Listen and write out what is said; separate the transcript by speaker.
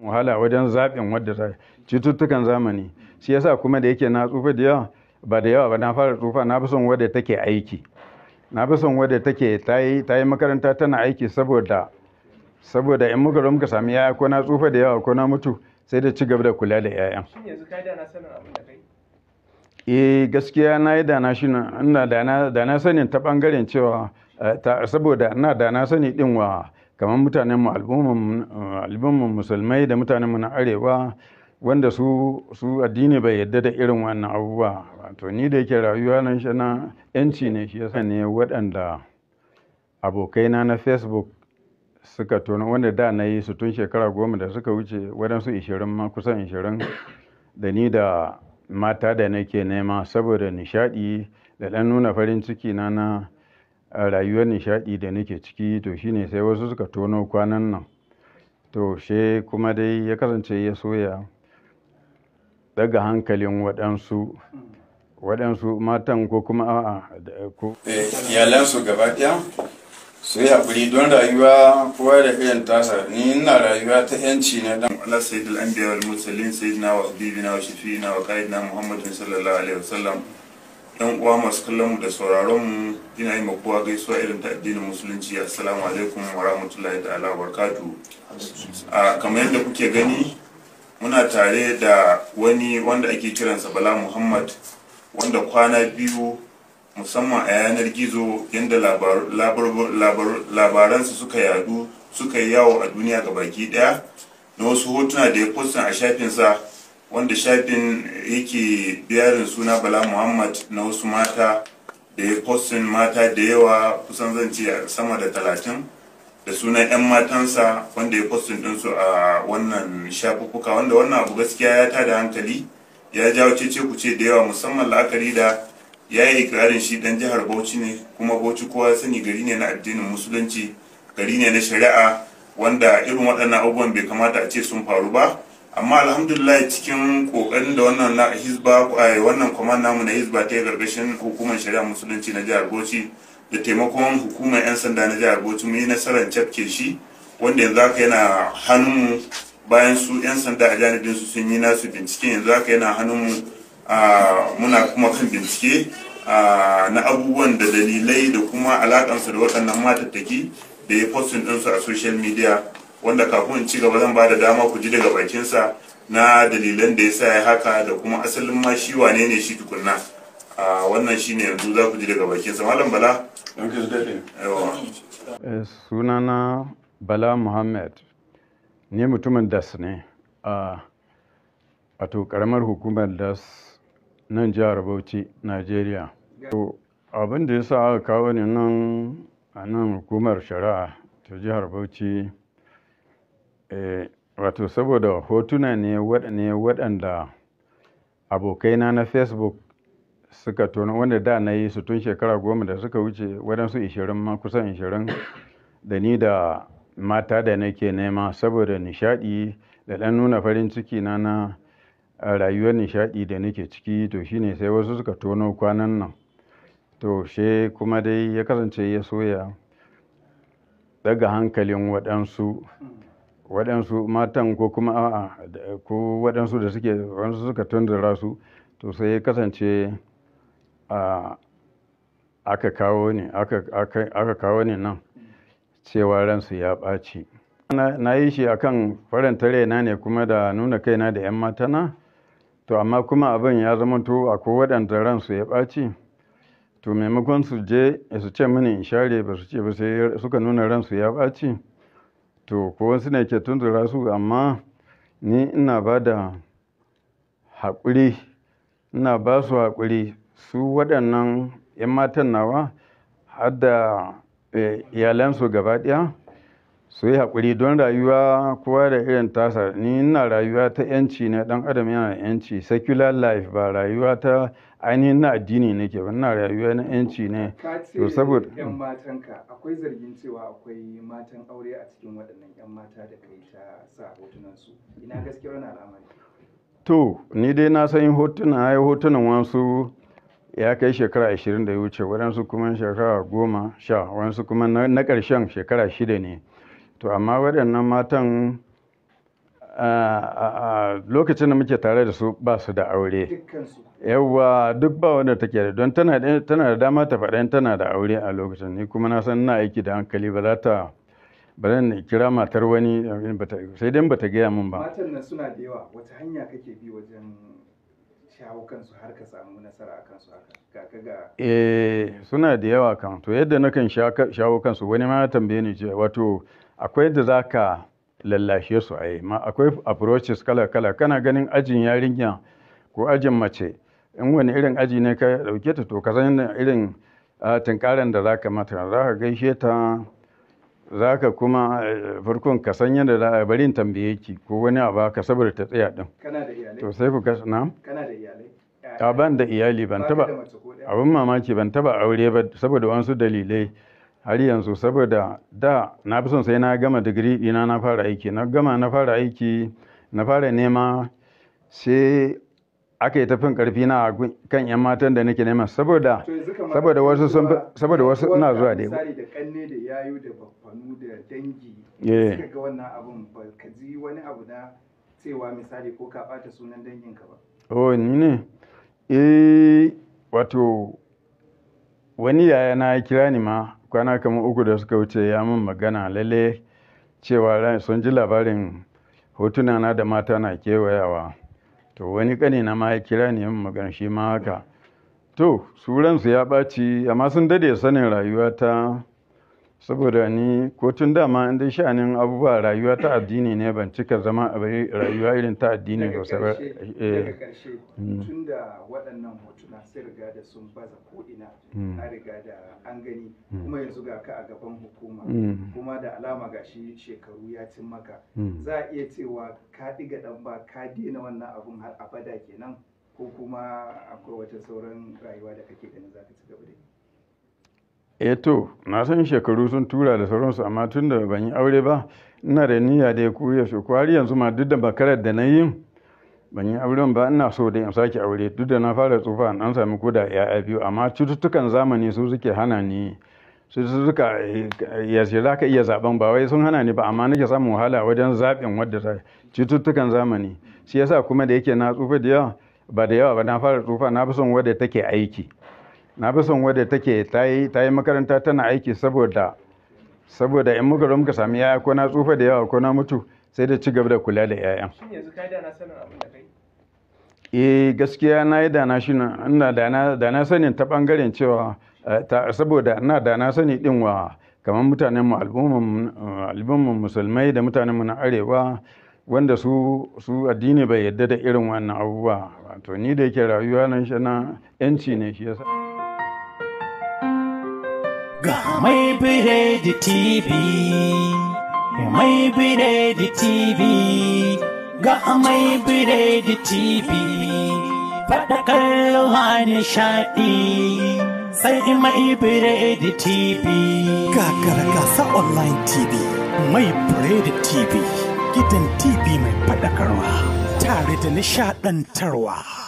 Speaker 1: samun wahala wajen zaɓin wadda ta cututtukan zamani shi yasa kuma da yake na tsufa da yawa ba da yawa ba na fara tsufa na fi son wadda take aiki na fi son wadda take ta yi makaranta tana aiki saboda saboda in muka muka sami yaya ko na tsufa da yawa ko na mutu sai da ci gaba da kula da yayan eh gaskiya na yi dana shi ina dana sanin ta bangaren cewa eh, saboda ina dana sani din wa kamar mutanen mu al'umman musulmai da mutanen mu na arewa wanda su su addini bai yadda da irin wannan abubuwa wato ni da yake rayuwa nan shi na yanci ne shi yasa ne waɗanda abokaina na facebook suka tono wanda da na yi su tun shekara goma da suka wuce waɗansu ishirin ma kusan ishirin da ni da mata da nake nema saboda nishaɗi da ɗan nuna farin ciki na na a rayuwar nishaɗi da nake ciki to shine sai wasu suka tono kwanan nan to she kuma dai ya kasance ya soya daga hankalin waɗansu waɗansu matan ko kuma a'a ko eh, iyalansu gaba ɗaya
Speaker 2: su yi haƙuri don rayuwa kowa da irin tasa ni ina rayuwa ta yanci ne dan ala sayyidul anbiya wal mursalin sayyidina wa habibina wa shafi'ina wa qaidina muhammadin sallallahu alaihi wasallam yan uwa masu kallon mu da sauraron mu ina yi makuwa gaisuwa irin ta addinin musulunci assalamu alaikum wa rahmatullahi ta'ala wa barakatuh a kamar yadda kuke gani muna tare da wani wanda ake kiransa bala muhammad wanda kwana biyu musamman a yanar gizo yadda labaransa suka yadu suka yi yawo a duniya ga baki daya na wasu hotuna da ya postin a shafinsa wanda shafin yake biyarin suna bala muhammad na wasu mata da ya postin mata da yawa kusan zan a sama da talatin da sunan 'yan matansa wanda ya postin ɗinsu a wannan shafukuka. wanda wannan abu gaskiya ya ta da hankali ya jawo cece ce da yawa musamman la'akari da ya yi ikirarin shi dan jihar bauchi ne kuma bauchi kowa sani gari ne na addinin musulunci gari ne na shari'a wanda irin waɗannan abubuwan bai kamata a ce sun faru ba amma alhamdulillah cikin kokarin da wannan na hizba eh, wannan kwaman namu na hizba ta yi gargashin hukumar shari'a musulunci na jihar bauchi da taimakon hukumar 'yan sanda na jihar bauchi mun yi nasarar cafke shi wanda yanzu haka yana hannunmu bayan su 'yan sanda a janibin su sun yi nasu bincike yanzu haka yana hannunmu ah, muna kuma kan bincike ah, na abubuwan da dalilai da kuma alakansu da waɗannan matattaki da ya postin ɗinsu a social media wanda kafin ci gaba zan ba da dama ku ji daga bakinsa na dalilan da ya sa ya haka da kuma asalin ma shi wane ne shi tukunna a wannan shi ne yanzu za ku ji daga bakinsa malam bala
Speaker 1: eh, sunana bala muhammad ne mutumin das ne a wato karamar hukumar das nan jihar bauchi nigeria abin da ya sa aka kawo ne nan a nan hukumar shari'a ta jihar bauchi Eh, wato saboda hotuna ne waɗanda abokaina na Facebook suka tono wanda da na yi su tun shekara goma da suka wuce waɗansu ishirin ma kusan ishirin da ni da mata da nake nema saboda nishaɗi da ɗan nuna farin ciki na na rayuwar nishaɗi da nake ciki to shine sai wasu suka tono kwanan nan to she kuma dai ya kasance ya soya daga hankalin waɗansu waɗansu matan ko kuma a'a ko waɗansu da suke waɗansu suka tundura su to sai ya kasance aka kawo ne aka kawo ne nan cewa ransu ya ɓaci na yi shi akan farantare na ne kuma da nuna kaina da 'yan matana to amma kuma abin ya zama to ko waɗanda ransu ya ɓaci to maimakon su je su ce mini in share ba su ce ba sai suka nuna ransu ya ɓaci to ko wasu ne ke tunzura su amma ni ina ba da haƙuri ina ba su haƙuri su waɗannan 'yan matan nawa har da eh, iyalansu gaba ɗaya su yi haƙuri don rayuwa kowa da irin tasa ni ina rayuwa ta yanci ne ɗan adam yana yanci secular life ba rayuwa ta ainihin na addini nake ba ina rayuwa na yanci ne to saboda yan
Speaker 2: matanka akwai zargin cewa akwai matan aure a cikin waɗannan yan mata da kai ta sa hotunan su ina gaskiyar wannan al'amari
Speaker 1: to ni dai na san hotuna ai hotunan wasu ya kai shekara ashirin da ya wuce waɗansu kuma shekara goma sha waɗansu kuma na ƙarshen shekara shida ne to amma waɗannan matan a lokacin da muke tare da su ba su da aure yawwa duk ba wanda take da don tana da dama ta faɗa tana da aure a lokacin ni kuma na san na aiki da hankali ba za ta ba zan kira matar wani sai dai ba ta gaya min ba
Speaker 2: matan nan suna da yawa wata hanya kake bi wajen shawo kansu har ka samu nasara a kansu haka ga ga
Speaker 1: eh suna da yawa kan to yadda nakan shawo kansu wani ma ya tambaye ni wato akwai da za ka lallashe su a yi ma akwai approaches kala-kala kana ganin ajin yarinya ko ajin mace in wani irin aji ne ka dauke ta to ka san irin tunkaran da za ka mata za ka gaishe ta za ka kuma eh, farkon ka san yadda za a barin tambaye ki ko wani abu ka saboda ta tsaya din
Speaker 2: kana da iyalai to
Speaker 1: sai ku ka na kana da iyalai iyali ban taba abin mamaki ban taba aure ba saboda wasu dalilai har yanzu saboda da na fi son sai na gama digiri ɗina na fara aiki na gama na fara aiki na fara nema sai aka yi tafin karfi na kan yan matan da nake nema saboda saboda wasu sun saboda wasu ina zuwa da yau
Speaker 2: da kanne da da da dangi eh. ga wannan abun ba ka ji wani abu na cewa misali ko ka bata sunan danginka ba
Speaker 1: oh ni ne eh wato wani yaya na kira ni ma kwana kamar uku da suka wuce ya min magana lalle cewa sun ji labarin hotuna na da mata na kewayawa to wani kani na ma ya kira ne min magana shi ma haka to suransu ya ɓaci amma sun dade sanin rayuwa ta saboda ni ko tun dama in dai sha'anin abubuwa rayuwa ta addini ne ban cika zama a bai rayuwa irin ta addini ba eh. daga karshe mm.
Speaker 2: tun da waɗannan hotuna sai riga da sun baza ko ina mm. a riga da an gani mm. kuma yanzu ga ka a gaban hukuma kuma da alama gashi shekaru ya cin maka za a iya cewa ka ɗiga ɗan ba ka daina wannan abun har abada kenan ko kuma akwai wata sauran rayuwa da kake ganin za ka ci
Speaker 1: gaba da e to na san shekaru sun tura da sauransu amma tun da ban yi aure ba ina da niyya da ya koya su kwari yanzu ma duk da bakarar da na yi ban yi auren ba ina so da in sake aure duk da na fara tsufa an sami koda ya'ya biyu amma cututtukan zamani su suke hana ni su suka ya ce za ka iya zaben ba wai sun hana ni ba amma nake samun wahala wajen zaɓin wadda ta cututtukan zamani shi yasa kuma da yake na tsufa da yawa ba da yawa ba na fara tsufa na fi son wadda take aiki na fi son wadda take ta yi makaranta tana aiki saboda saboda in muka zo muka sami yaya ko na tsufa da yawa ko na mutu sai da ci gaba da kula da yayan eh gaskiya na yi dana shi ina dana dana sanin ta bangaren cewa eh, saboda ina dana sani din wa kamar mutanen mu eh, al'umman musulmai da mutanen mu na arewa wanda su su addini bai yadda da irin wannan abubuwa to ni da yake rayuwa nan shi na yanci ne shi yasa
Speaker 2: Ga mai biredi
Speaker 1: TV, mai
Speaker 2: biredi TV,
Speaker 1: ga mai biredi TV. Faɗa kallo nishaɗi, sai mai biredi TV. Gagara
Speaker 2: gasa online TV, mai biredi TV, gidan TV mai faɗakarwa, tare da nishaɗantarwa.